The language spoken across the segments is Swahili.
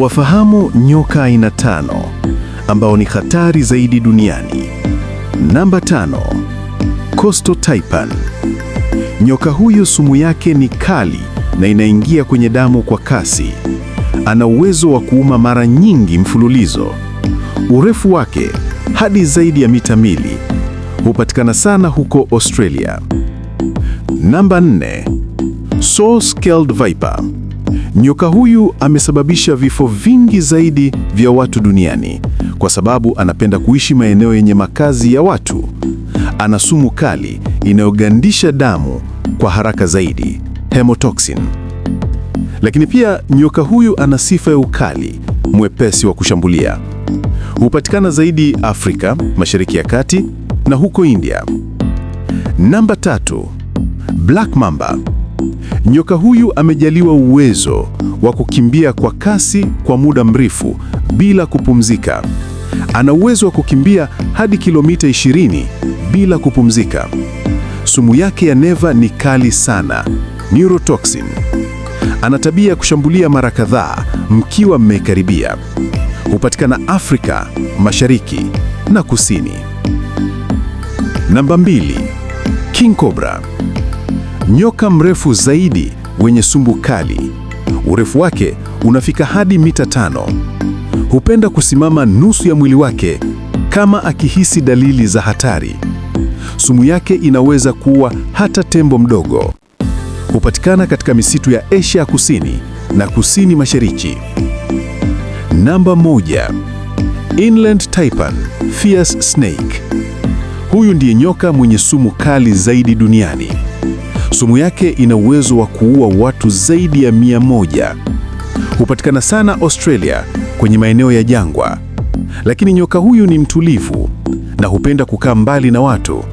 Wafahamu nyoka aina tano ambao ni hatari zaidi duniani. Namba tano, Costo Taipan. Nyoka huyo sumu yake ni kali na inaingia kwenye damu kwa kasi. Ana uwezo wa kuuma mara nyingi mfululizo. Urefu wake hadi zaidi ya mita mbili. Hupatikana sana huko Australia. Namba nne, Saw Scaled Viper. Nyoka huyu amesababisha vifo vingi zaidi vya watu duniani kwa sababu anapenda kuishi maeneo yenye makazi ya watu. Ana sumu kali inayogandisha damu kwa haraka zaidi, hemotoxin. Lakini pia nyoka huyu ana sifa ya ukali, mwepesi wa kushambulia. Hupatikana zaidi Afrika, Mashariki ya Kati na huko India. Namba tatu, Black Mamba. Nyoka huyu amejaliwa uwezo wa kukimbia kwa kasi kwa muda mrefu bila kupumzika. Ana uwezo wa kukimbia hadi kilomita 20 bila kupumzika. Sumu yake ya neva ni kali sana, neurotoxin. Ana tabia ya kushambulia mara kadhaa mkiwa mmekaribia. Hupatikana Afrika Mashariki na Kusini. Namba mbili, King Cobra nyoka mrefu zaidi wenye sumbu kali. Urefu wake unafika hadi mita tano. Hupenda kusimama nusu ya mwili wake kama akihisi dalili za hatari. Sumu yake inaweza kuua hata tembo mdogo. Hupatikana katika misitu ya Asia ya Kusini na Kusini Mashariki. Namba moja, Inland Taipan Fierce Snake. Huyu ndiye nyoka mwenye sumu kali zaidi duniani. Sumu yake ina uwezo wa kuua watu zaidi ya mia moja. Hupatikana sana Australia kwenye maeneo ya jangwa, lakini nyoka huyu ni mtulivu na hupenda kukaa mbali na watu,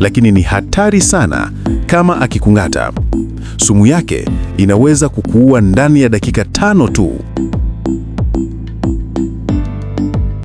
lakini ni hatari sana kama akikung'ata. Sumu yake inaweza kukuua ndani ya dakika tano tu.